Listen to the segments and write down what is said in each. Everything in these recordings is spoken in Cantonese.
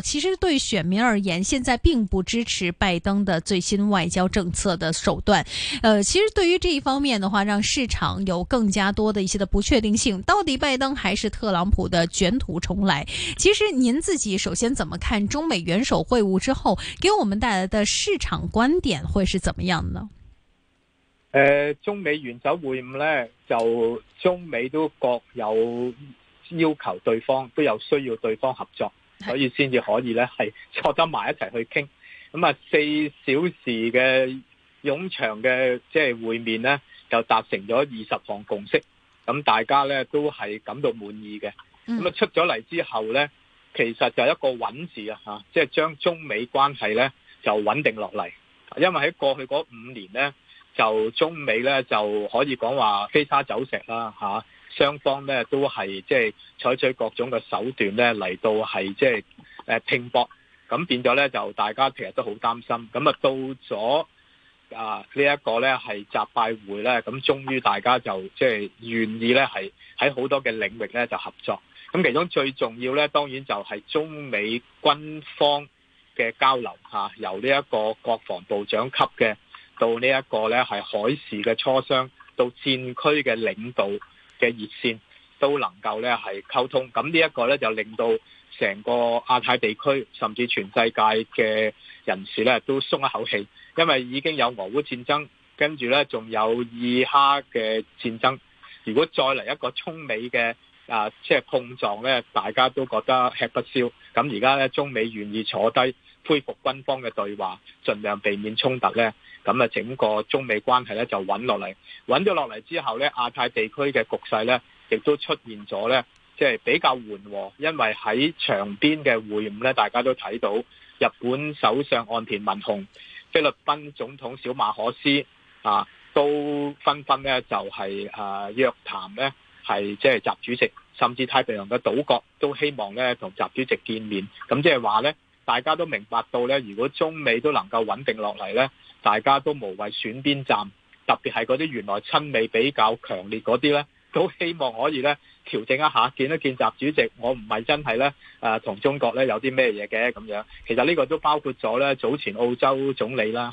其實對選民而言，現在並不支持拜登的最新外交政策的手段。呃，其實對於這一方面的話，讓市場有更加多的一些的不確定性。到底拜登還是特朗普的捲土重來？其實您自己首先怎麼看中美元首會晤之後給我們帶來的市場觀點會是怎麼樣呢？呃，中美元首會晤呢，就中美都各有要求對方，都有需要對方合作。所以先至可以咧，係坐得埋一齊去傾。咁啊，四小時嘅冗長嘅即係會面咧，就達成咗二十項共識。咁大家咧都係感到滿意嘅。咁啊出咗嚟之後咧，其實就一個穩字啊，嚇，即係將中美關係咧就穩定落嚟。因為喺過去嗰五年咧，就中美咧就可以講話飛沙走石啦，啊雙方咧都係即係採取各種嘅手段咧嚟到係即係誒拼搏，咁變咗咧就大家其實都好擔心。咁啊到咗啊呢一個咧係習拜會咧，咁終於大家就即係、就是、願意咧係喺好多嘅領域咧就合作。咁其中最重要咧當然就係中美軍方嘅交流嚇、啊，由呢一個國防部長級嘅到呢一個咧係海事嘅磋商，到戰區嘅領導嘅熱線都能夠咧係溝通，咁呢一個咧就令到成個亞太地區甚至全世界嘅人士咧都鬆一口氣，因為已經有俄烏戰爭，跟住咧仲有以哈嘅戰爭，如果再嚟一個中美嘅啊即係碰撞咧，大家都覺得吃不消。咁而家咧中美願意坐低恢復軍方嘅對話，盡量避免衝突咧。咁啊，整個中美關係咧就穩落嚟，穩咗落嚟之後咧，亞太地區嘅局勢咧，亦都出現咗咧，即係比較緩和。因為喺場邊嘅會晤咧，大家都睇到日本首相岸田文雄、菲律賓總統小馬可斯啊，都紛紛咧就係啊約談咧，係即係習主席，甚至太平洋嘅島國都希望咧同習主席見面，咁即係話咧。大家都明白到呢，如果中美都能夠穩定落嚟呢，大家都無謂選邊站，特別係嗰啲原來親美比較強烈嗰啲呢，都希望可以呢調整一下，見一見習主席，我唔係真係呢誒同中國呢有啲咩嘢嘅咁樣。其實呢個都包括咗呢，早前澳洲總理啦，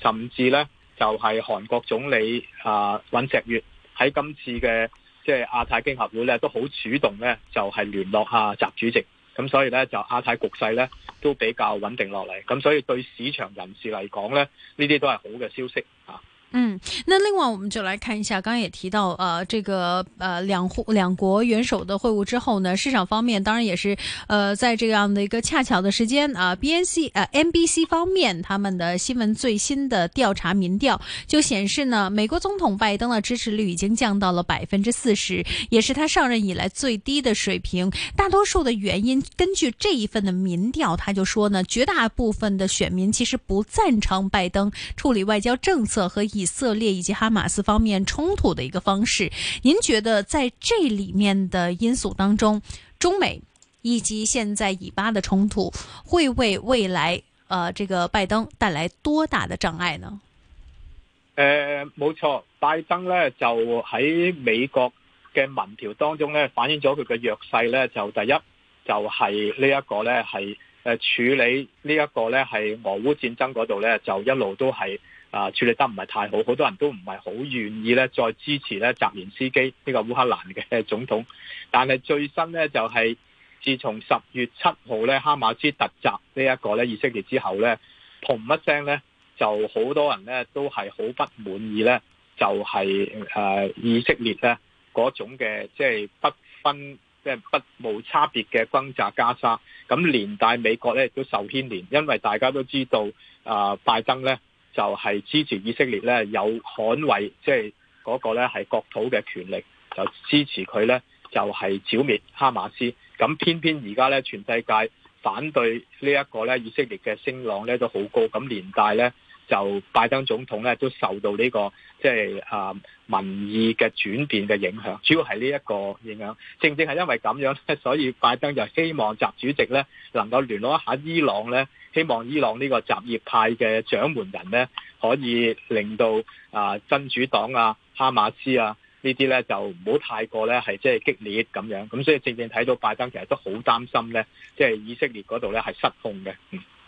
甚至呢就係韓國總理啊尹錫悅喺今次嘅即係亞太經合會呢，都好主動呢就係聯絡下習主席。咁所以呢，就亞太局勢呢都比較穩定落嚟，咁所以對市場人士嚟講呢，呢啲都係好嘅消息啊！嗯，那另外我們就來看一下，剛剛也提到，呃，這個呃，兩戶兩國元首的會晤之後呢，市場方面當然也是，呃，在這樣的一個恰巧的時間啊，呃，BNC 呃 NBC 方面他們的新聞最新的調查民調就顯示呢，美國總統拜登的支持率已經降到了百分之四十，也是他上任以來最低的水平。大多數的原因，根據這一份的民調，他就說呢，絕大部分的選民其實不贊成拜登處理外交政策和以。以色列以及哈馬斯方面衝突的一個方式，您覺得在這裏面的因素當中，中美以及現在以巴的衝突會為未來呃這個拜登帶來多大的障礙呢？誒、呃，冇錯，拜登咧就喺美國嘅民調當中咧，反映咗佢嘅弱勢咧，就第一就係、是、呢一個咧係誒處理呢一個咧係俄烏戰爭嗰度咧，就一路都係。啊！處理得唔係太好，好多人都唔係好願意咧，再支持咧澤連斯基呢、這個烏克蘭嘅總統。但係最新咧就係，自從十月七號咧哈馬斯突襲呢一個咧以色列之後咧，嘭一聲咧，就好多人咧都係好不滿意咧，就係誒以色列咧嗰種嘅即係不分即係、即係、不冇差別嘅轟炸加沙。咁連帶美國咧都受牽連，因為大家都知道啊、呃、拜登咧。就係支持以色列咧，有捍衞即係嗰個咧係國土嘅權力，就支持佢咧，就係剿滅哈馬斯。咁偏偏而家咧，全世界反對呢一個咧，以色列嘅聲浪咧都好高，咁連帶咧。就拜登總統咧都受到呢、這個即係、就是、啊民意嘅轉變嘅影響，主要係呢一個影響。正正係因為咁樣咧，所以拜登就希望習主席咧能夠聯絡一下伊朗咧，希望伊朗呢個什葉派嘅掌門人咧可以令到啊真主黨啊、哈馬斯啊這些呢啲咧就唔好太過咧係即係激烈咁樣。咁所以正正睇到拜登其實都好擔心咧，即、就、係、是、以色列嗰度咧係失控嘅。嗯。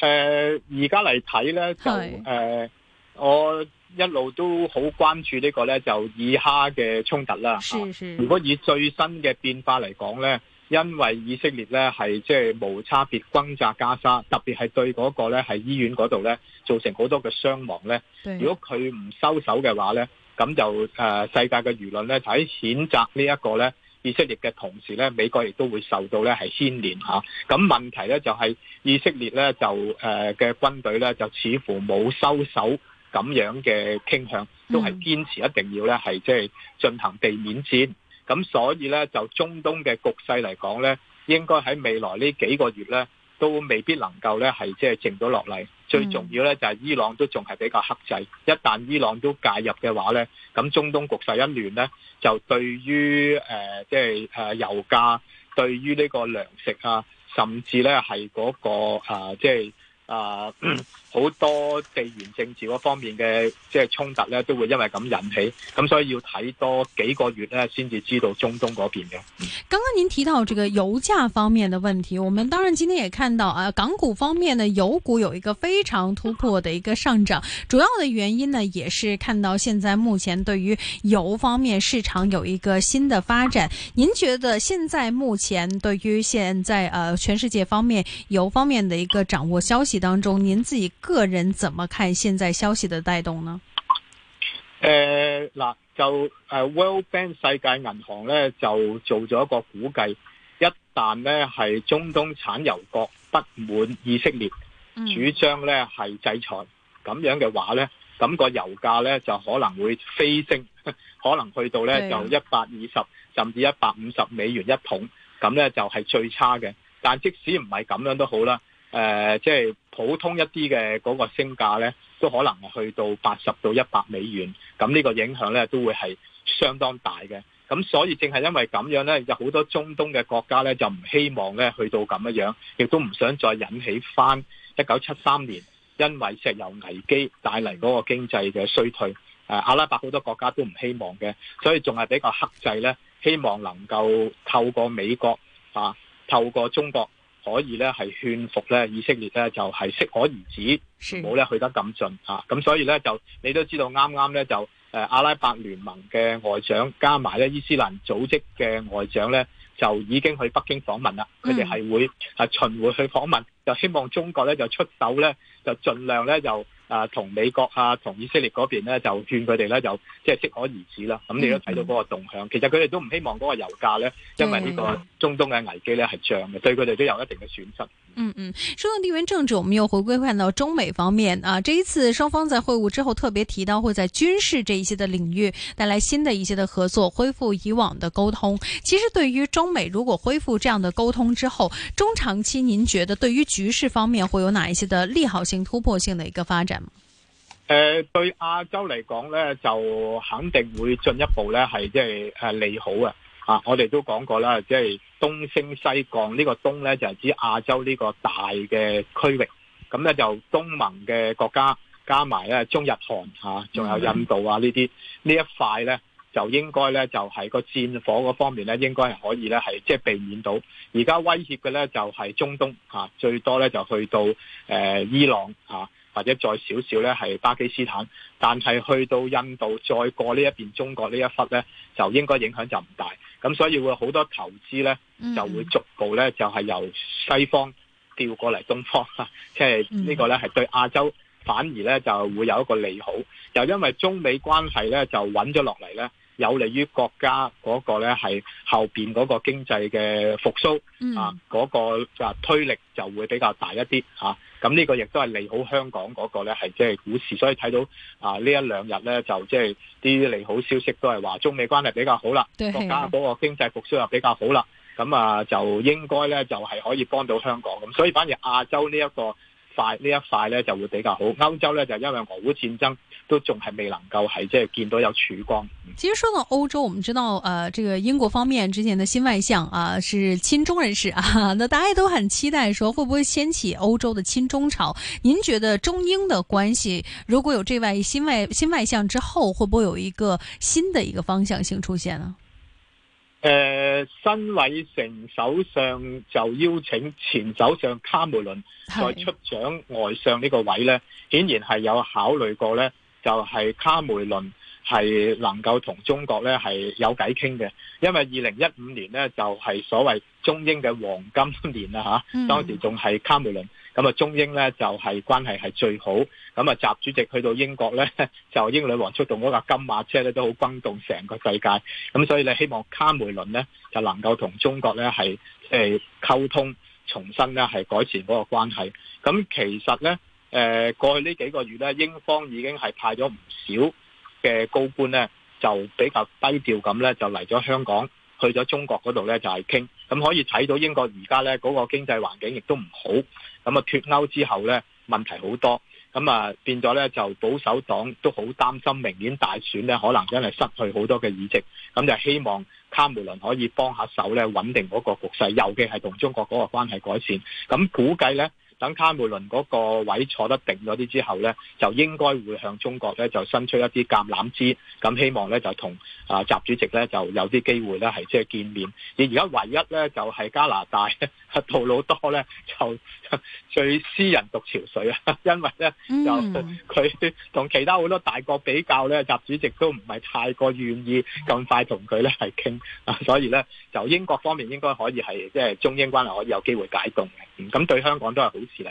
誒，而家嚟睇呢，是就誒、呃，我一路都好關注呢個呢，就以哈嘅衝突啦。是是如果以最新嘅變化嚟講呢，因為以色列呢係即係無差別轟炸加沙，特別係對嗰個呢係醫院嗰度呢，造成好多嘅傷亡呢。對如果佢唔收手嘅話呢，咁就誒、呃、世界嘅輿論呢，就喺譴責呢一個呢。以色列嘅同時咧，美國亦都會受到咧係牽連嚇。咁問題咧就係以色列咧就誒嘅軍隊咧就似乎冇收手咁樣嘅傾向，都係堅持一定要咧係即係進行地面戰。咁所以咧就中東嘅局勢嚟講咧，應該喺未來呢幾個月咧都未必能夠咧係即係靜咗落嚟。最重要咧就係伊朗都仲係比較克制，一旦伊朗都介入嘅話咧，咁中東局勢一亂咧，就對於誒即係誒油價，對於呢個糧食啊，甚至咧係嗰個誒即係。就是啊，好、呃、多地緣政治方面嘅即係衝突咧，都會因為咁引起，咁所以要睇多幾個月咧，先至知道中東嗰邊嘅。剛剛您提到這個油價方面的問題，我們當然今天也看到啊，港股方面嘅油股有一個非常突破的一個上漲，主要的原因呢，也是看到現在目前對於油方面市場有一個新的發展。您覺得現在目前對於現在啊、呃，全世界方面油方面的一個掌握消息？當中，您自己個人怎麼看現在消息的帶動呢？誒，嗱，就誒，World Bank 世界銀行咧就做咗一個估計，一旦咧係中東產油國不滿以色列主張咧係制裁，咁樣嘅話咧，咁個油價咧就可能會飛升，可能去到咧就一百二十甚至一百五十美元一桶，咁咧就係、是、最差嘅。但即使唔係咁樣都好啦，誒、呃，即係。普通一啲嘅嗰個升價呢，都可能去到八十到一百美元，咁呢個影響呢，都會係相當大嘅。咁所以正係因為咁樣呢，有好多中東嘅國家呢，就唔希望呢去到咁樣，亦都唔想再引起翻一九七三年因為石油危機帶嚟嗰個經濟嘅衰退。誒、啊，阿拉伯好多國家都唔希望嘅，所以仲係比較克制呢，希望能夠透過美國啊，透過中國。可以咧，係勸服咧，以色列咧就係適可而止，唔好咧去得咁盡嚇。咁是所以咧，就你都知道啱啱咧就誒阿拉伯聯盟嘅外長加埋咧伊斯蘭組織嘅外長咧，就已經去北京訪問啦。佢哋係會係巡迴去訪問，就希望中國咧就出手咧，就盡量咧就。啊，同美國啊，同以色列嗰邊咧，就勸佢哋咧，就即係適可而止啦。咁你都睇到嗰個動向，mm hmm. 其實佢哋都唔希望嗰個油價咧，因為呢個中東嘅危機咧係漲嘅，對佢哋都有一定嘅損失。嗯嗯，說到地緣政治，我們又回歸看到中美方面啊，這一次雙方在會晤之後特別提到會在軍事這一些的領域帶來新的一些的合作，恢復以往的溝通。其實對於中美，如果恢復這樣的溝通之後，中長期您覺得對於局勢方面會有哪一些的利好性、突破性的一個發展嗎？呃，對亞洲嚟講呢，就肯定會進一步呢，係即係誒利好啊！啊，我哋都講過啦，即係。東升西降呢個東呢，就係指亞洲呢個大嘅區域，咁呢，就東盟嘅國家加埋呢，中日韓吓，仲有印度啊呢啲呢一塊呢，就應該呢，就係個戰火嗰方面呢，應該係可以呢，係即係避免到。而家威脅嘅呢，就係中東吓，最多呢，就去到誒伊朗吓。或者再少少咧，係巴基斯坦，但係去到印度再過呢一邊中國這一呢一忽咧，就應該影響就唔大。咁所以會好多投資咧，嗯、就會逐步咧就係、是、由西方調過嚟東方，即係、嗯、 呢個咧係對亞洲反而咧就會有一個利好。又因為中美關係咧就穩咗落嚟咧，有利於國家嗰個咧係後邊嗰個經濟嘅復甦啊，嗰、那個推力就會比較大一啲吓。啊咁呢個亦都係利好香港嗰個呢，係即係股市，所以睇到啊呢一兩日呢，就即係啲利好消息都係話中美關係比較好啦，對國家嗰個經濟復甦又比較好啦，咁啊就應該呢，就係可以幫到香港咁，所以反而亞洲呢、這、一個。快呢一塊咧就會比較好。歐洲呢，就因為俄烏戰爭都仲係未能夠係即係見到有曙光。其實說到歐洲，我們知道誒、呃，這個英國方面之前的新外相啊是親中人士啊，那大家都很期待說會不會掀起歐洲的親中潮？您覺得中英的關係如果有這外新外新外相之後，會不會有一個新的一個方向性出現呢？誒、呃，新偉成首相就邀請前首相卡梅倫再出掌外相呢個位呢，顯是然係有考慮過呢就係、是、卡梅倫係能夠同中國呢係有偈傾嘅，因為二零一五年呢，就係、是、所謂中英嘅黃金年啊，吓、嗯，當時仲係卡梅倫。咁啊，中英咧就係關係係最好。咁啊，習主席去到英國咧，就英女王出動嗰架金馬車咧，都好轟動成個世界。咁所以咧，希望卡梅倫咧，就能夠同中國咧係誒溝通，重新咧係改善嗰個關係。咁其實咧，誒過去呢幾個月咧，英方已經係派咗唔少嘅高官咧，就比較低調咁咧，就嚟咗香港，去咗中國嗰度咧就係傾。咁可以睇到英國而家咧，嗰個經濟環境亦都唔好。咁啊，脫歐之後呢，問題好多，咁啊變咗呢，就保守黨都好擔心，明年大選呢，可能真係失去好多嘅議席，咁就希望卡梅倫可以幫下手呢，穩定嗰個局勢，尤其係同中國嗰個關係改善。咁估計呢，等卡梅倫嗰個位坐得定咗啲之後呢，就應該會向中國呢，就伸出一啲橄欖枝，咁希望呢，就同啊習主席呢，就有啲機會呢，係即係見面。而而家唯一呢，就係加拿大。杜魯多咧，就最私人獨潮水啊！因為咧就佢同其他好多大國比較咧，習主席都唔係太過願意咁快同佢咧係傾，所以咧就英國方面應該可以係即係中英關係可以有機會解凍嘅，咁對香港都係好事嚟。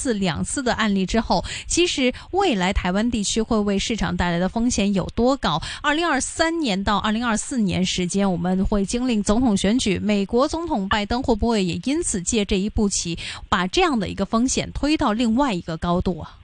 次兩次的案例之後，其實未來台灣地區會為市場帶來的風險有多高？二零二三年到二零二四年時間，我們會經歷總統選舉，美國總統拜登會不會也因此借這一步棋，把這樣的一個風險推到另外一個高度啊？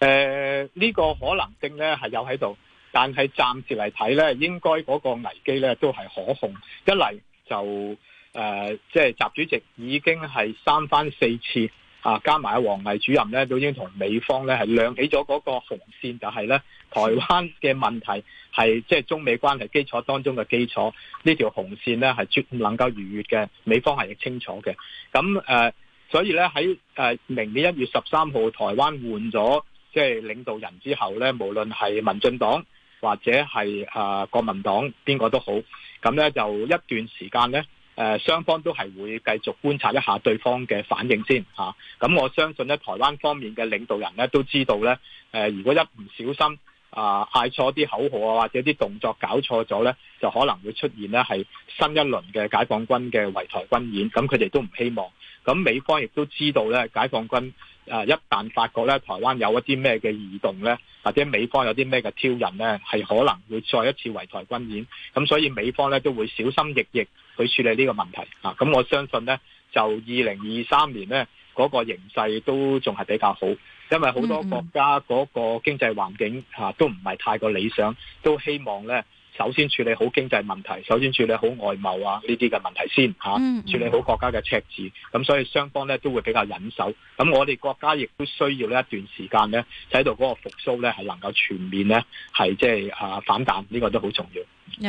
誒、呃，呢、這個可能性呢係有喺度，但係暫時嚟睇呢，應該嗰個危機呢都係可控。一嚟就誒，即、呃、係習主席已經係三番四次，啊，加埋王毅主任咧，都已經同美方咧係亮起咗嗰個紅線就呢，就係咧台灣嘅問題係即係中美關係基礎當中嘅基礎，呢條紅線咧係絕唔能夠逾越嘅，美方係亦清楚嘅。咁誒、呃，所以咧喺、呃、明年一月十三號台灣換咗即係領導人之後咧，無論係民進黨或者係啊、呃、國民黨邊個都好，咁咧就一段時間咧。誒、呃、雙方都係會繼續觀察一下對方嘅反應先咁、啊、我相信咧台灣方面嘅領導人咧都知道咧，誒、呃、如果一唔小心啊嗌、呃、錯啲口號啊或者啲動作搞錯咗咧，就可能會出現咧係新一輪嘅解放軍嘅圍台軍演，咁佢哋都唔希望。咁美方亦都知道咧，解放軍誒、呃、一旦發覺咧台灣有一啲咩嘅異動咧。或者美方有啲咩嘅挑釁呢，係可能會再一次圍台軍演，咁所以美方咧都會小心翼翼去處理呢個問題啊。咁我相信呢，就二零二三年呢，嗰個形勢都仲係比較好，因為好多國家嗰個經濟環境都唔係太過理想，都希望呢。首先處理好經濟問題，首先處理好外貿啊呢啲嘅問題先嚇，處理好國家嘅赤字，咁所以雙方咧都會比較忍手。咁我哋國家亦都需要呢一段時間咧，使到嗰個復甦咧係能夠全面咧係即係啊反彈，呢個都好重要。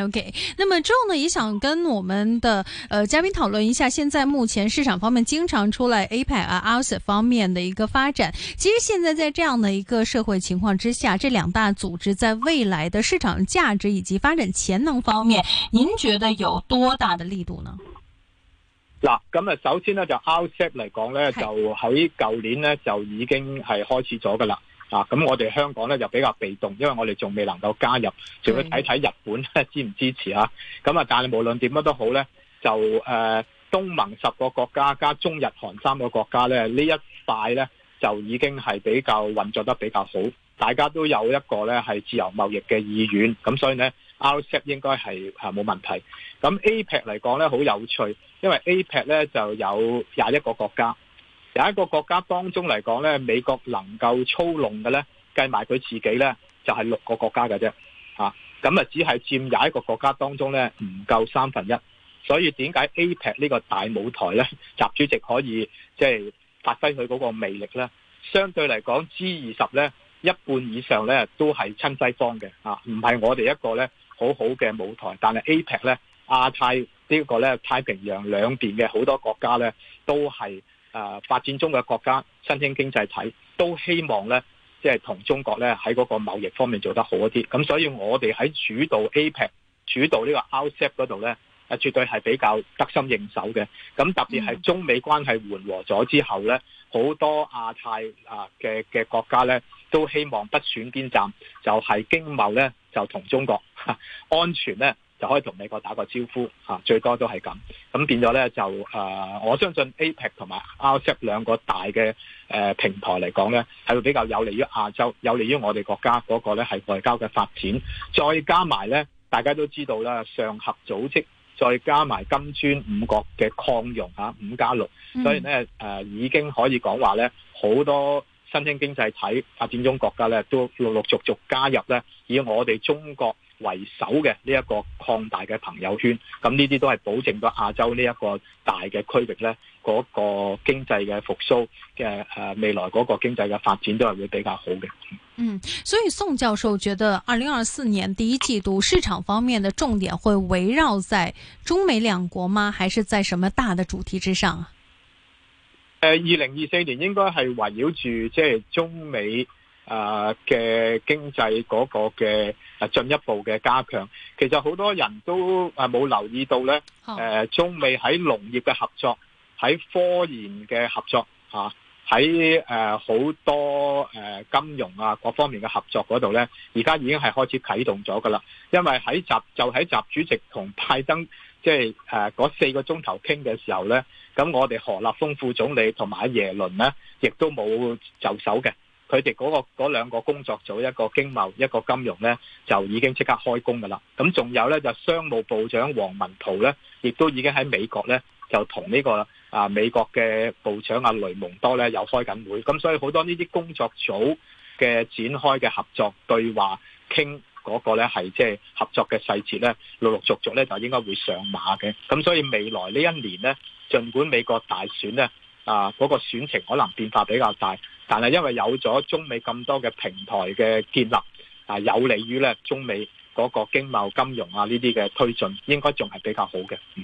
OK，那麼之後呢，也想跟我們的呃嘉賓討論一下，現在目前市場方面經常出來 APEC 啊 Outset 方面的一個發展，其實現在在這樣的一個社會情況之下，這兩大組織在未來的市場價值以及發展潛能方面，您覺得有多大的力度呢？嗱，咁啊，首先呢，就 Outset 嚟講呢，就喺舊年呢，就已經係開始咗噶啦。啊，咁我哋香港咧就比較被動，因為我哋仲未能夠加入，仲要睇睇日本咧支唔支持啊。咁啊，但係無論點樣都好咧，就誒、呃，東盟十個國家加中日韓三個國家咧，一呢一塊咧就已經係比較運作得比較好，大家都有一個咧係自由貿易嘅意願。咁所以咧，outset 應該係冇問題。咁 APEC 嚟講咧好有趣，因為 APEC 咧就有廿一個國家。有一個國家當中嚟講呢，美國能夠操弄嘅呢，計埋佢自己呢，就係、是、六個國家嘅啫。啊，咁啊只係佔有一個國家當中呢，唔夠三分一。所以點解 APEC 呢個大舞台呢，習主席可以即係、就是、發揮佢嗰個魅力呢？相對嚟講，G 二十呢一半以上呢，都係親西方嘅啊，唔係我哋一個呢很好好嘅舞台。但係 APEC 呢，亞太、這個、呢個咧太平洋兩邊嘅好多國家呢，都係。啊，發展中嘅國家、新興經濟體都希望呢，即係同中國呢喺嗰個貿易方面做得好一啲。咁所以，我哋喺主導 APEC、主導呢個 Outset 嗰度呢，啊，絕對係比較得心應手嘅。咁特別係中美關係緩和咗之後呢，好多亞太啊嘅嘅國家呢，都希望不選邊站，就係、是、經貿呢，就同中國，安全呢。就可以同美國打個招呼、啊、最多都係咁，咁變咗呢，就誒、呃，我相信 APEC 同埋 RCEP 兩個大嘅誒、呃、平台嚟講呢，係會比較有利於亞洲，有利於我哋國家嗰個呢係外交嘅發展。再加埋呢，大家都知道啦，上合組織，再加埋金磚五國嘅擴容嚇，五加六，6, 嗯、所以呢，誒、呃、已經可以講話呢，好多新興經濟體、發展中國家呢都陸陸續續加入呢，以我哋中國。為首嘅呢一個擴大嘅朋友圈，咁呢啲都係保證咗亞洲呢一個大嘅區域咧，嗰個經濟嘅復甦嘅誒未來嗰個經濟嘅發展都係會比較好嘅。嗯，所以宋教授覺得二零二四年第一季度市場方面嘅重點會圍繞在中美兩國嗎？還是在什麼大的主題之上啊？誒、呃，二零二四年應該係圍繞住即係中美誒嘅、呃、經濟嗰個嘅。係進一步嘅加強，其實好多人都誒冇留意到呢誒、Oh. 呃，中美喺農業嘅合作，喺科研嘅合作，嚇、啊，喺誒好多誒、呃、金融啊各方面嘅合作嗰度呢，而家已經係開始啟動咗㗎喇。因為喺習就喺習主席同拜登，即係誒嗰四個鐘頭傾嘅時候呢，咁我哋何立峰副總理同埋阿耶倫呢，亦都冇就手嘅。佢哋嗰個嗰兩個工作組，一個經貿，一個金融呢，就已經即刻開工噶啦。咁仲有呢，就商務部長王文濤呢，亦都已經喺美國呢，就同呢、這個啊美國嘅部長阿、啊、雷蒙多呢，有開緊會。咁所以好多呢啲工作組嘅展開嘅合作對話，傾嗰個呢，係即係合作嘅細節呢，陸陸續續呢，就應該會上馬嘅。咁所以未來呢一年呢，儘管美國大選呢，啊嗰、那個選情可能變化比較大。但係，因為有咗中美咁多嘅平台嘅建立，啊，有利於咧中美嗰個經貿金融啊呢啲嘅推進，應該仲係比較好嘅。嗯。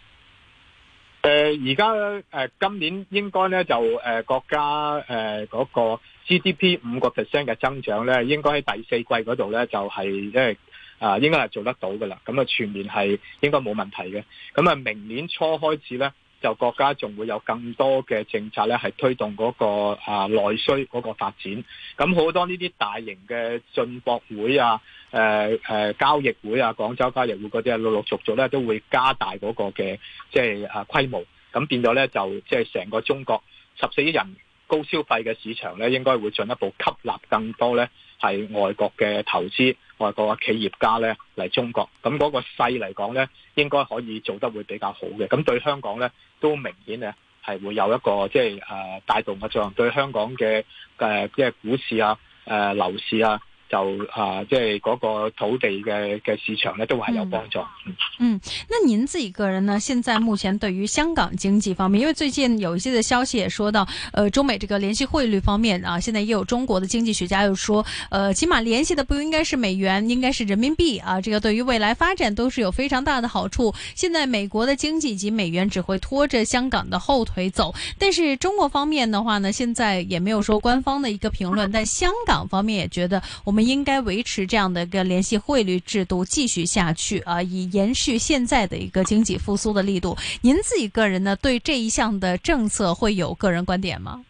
誒，而家誒，今年應該咧就誒、呃，國家誒嗰、呃那個 GDP 五個 percent 嘅增長咧，應該喺第四季嗰度咧就係即係啊，應該係做得到噶啦，咁啊全年係應該冇問題嘅。咁啊，明年初開始咧，就國家仲會有更多嘅政策咧，係推動嗰、那個啊內、呃、需嗰個發展。咁好多呢啲大型嘅進博會啊。誒誒、呃呃，交易會啊，廣州交易會嗰啲啊，陸陸續續咧都會加大嗰個嘅即係啊規模，咁變咗咧就即係成個中國十四億人高消費嘅市場咧，應該會進一步吸納更多咧係外國嘅投資，外國嘅企業家咧嚟中國，咁嗰個勢嚟講咧，應該可以做得會比較好嘅，咁對香港咧都明顯啊係會有一個即係誒帶動嘅作用，對香港嘅誒即係股市啊誒樓、呃、市啊。就啊，即係嗰個土地嘅嘅市場呢，都會係有幫助。嗯，那您自己個人呢？現在目前對於香港經濟方面，因為最近有一些的消息也說到，呃，中美這個聯繫匯率方面啊，現在也有中國的經濟學家又說，呃，起碼聯繫的不應該是美元，應該是人民幣啊，這個對於未來發展都是有非常大的好處。現在美國的經濟及美元只會拖着香港的後腿走，但是中國方面的話呢，現在也沒有說官方的一個評論，但香港方面也覺得我們。應該維持這樣的一個聯繫匯率制度繼續下去啊，以延續現在的一個經濟復甦的力度。您自己個人呢，對這一項的政策會有個人觀點嗎？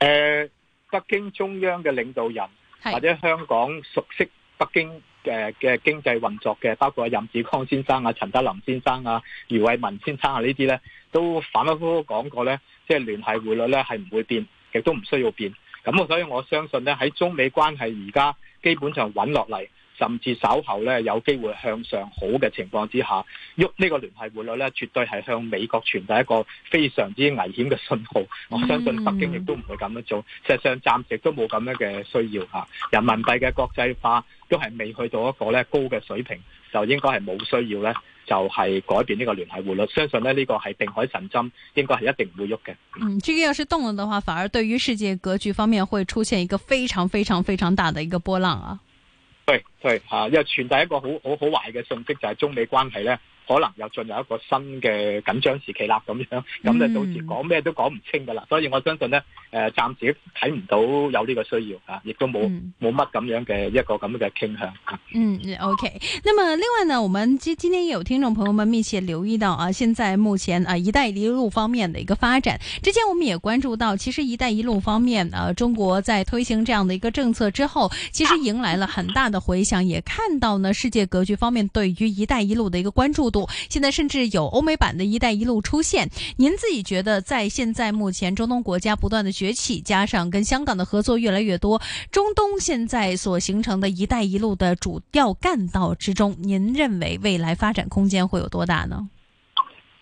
誒、呃，北京中央嘅領導人或者香港熟悉北京誒嘅、呃、經濟運作嘅，包括任志剛先生啊、陳德林先生啊、余偉文先生啊這些呢啲咧，都反反复覆講過咧，即、就、係、是、聯繫匯率咧係唔會變，亦都唔需要變。咁所以我相信咧，喺中美關係而家基本上穩落嚟。甚至稍後咧，有機會向上好嘅情況之下，喐呢個聯繫匯率咧，絕對係向美國傳遞一個非常之危險嘅信號。我相信北京亦都唔會咁樣做。嗯、實際上暫時都冇咁樣嘅需要嚇。人民幣嘅國際化都係未去到一個咧高嘅水平，就應該係冇需要咧，就係改變呢個聯繫匯率。相信咧呢個係定海神針，應該係一定唔會喐嘅。嗯，如果要是動了嘅話，反而對於世界格局方面會出現一個非常非常非常大嘅一個波浪啊！對，對，吓又傳遞一個好好好壞嘅信息，就係、是、中美關係咧。可能又進入一個新嘅緊張時期啦，咁樣咁就到時講咩都講唔清㗎啦。嗯、所以我相信呢，誒、呃、暫時睇唔到有呢個需要啊，亦、啊、都冇冇乜咁樣嘅一個咁樣嘅傾向。嗯，OK。那麼另外呢，我們今今天也有聽眾朋友們密切留意到啊，現在目前啊，「一帶一路」方面嘅一個發展。之前我們也關注到，其實「一帶一路」方面啊，中國在推行這樣嘅一個政策之後，其實迎來了很大的回響，也看到呢世界格局方面對於「一帶一路」嘅一個關注。現在甚至有歐美版的一帶一路出現。您自己覺得，在現在目前中東國家不斷的崛起，加上跟香港的合作越來越多，中東現在所形成的一帶一路的主要幹道之中，您認為未來發展空間會有多大呢？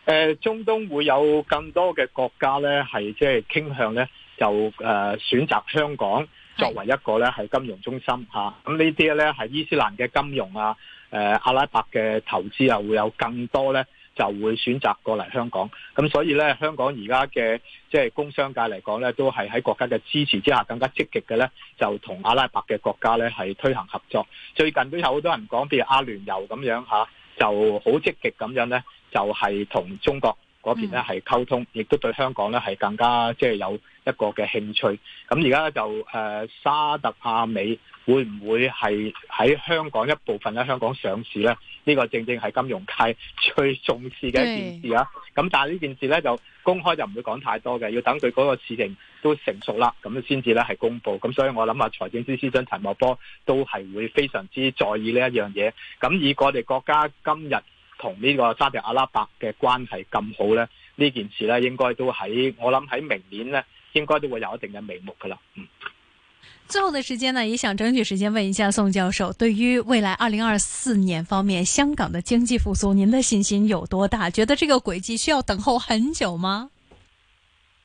誒、呃，中東會有更多嘅國家咧，係即係傾向咧，就誒、呃、選擇香港作為一個咧係金融中心吓。咁是、啊、呢啲咧係伊斯蘭嘅金融啊。誒、啊、阿拉伯嘅投資啊，會有更多呢就會選擇過嚟香港。咁所以呢，香港而家嘅即係工商界嚟講呢，都係喺國家嘅支持之下，更加積極嘅呢，就同阿拉伯嘅國家呢係推行合作。最近都有好多人講，譬如阿聯酋咁樣吓就好積極咁樣呢，就係、是、同中國。嗰、嗯、邊咧係溝通，亦都對香港咧係更加即係、就是、有一個嘅興趣。咁而家咧就誒、呃、沙特阿美會唔會係喺香港一部分咧香港上市咧？呢、這個正正係金融界最重視嘅一件事啊！咁是但係呢件事咧就公開就唔會講太多嘅，要等佢嗰個事情都成熟啦，咁先至咧係公佈。咁所以我諗啊，財政司司長陳茂波都係會非常之在意呢一樣嘢。咁以我哋國家今日。同呢個沙特阿拉伯嘅關係咁好呢，呢件事呢應該都喺我諗喺明年呢應該都會有一定嘅眉目噶啦。嗯，最後的時間呢，也想爭取時間問一下宋教授，對於未來二零二四年方面，香港的經濟復蘇，您的信心有多大？覺得這個軌跡需要等候很久嗎？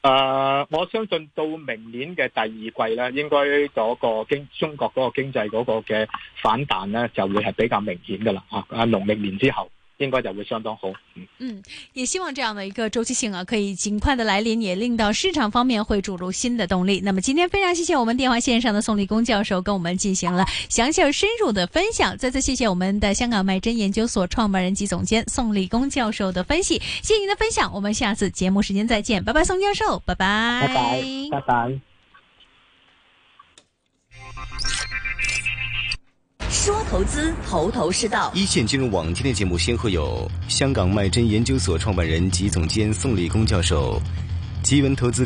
誒，呃，我相信到明年嘅第二季呢，應該嗰個經中國嗰個經濟嗰個嘅反彈呢，就會係比較明顯噶啦，啊農曆年之後，應該就會相當紅，嗯，嗯，也希望這樣的一個周期性啊，可以盡快的來臨，也令到市場方面會注入新的動力。那麼今天非常謝謝我們電話線上的宋立功教授跟我們進行了詳細而深入的分享。再次謝謝我們的香港麥珍研究所創辦人及總監宋立功教授的分析，謝謝您的分享。我們下次節目時間再見，拜拜，宋教授，拜拜，拜拜，拜拜。 說投資，頭頭是道。一線金融網今天的節目，先後有香港麥真研究所創辦人及總監宋立功教授，奇文投資管理。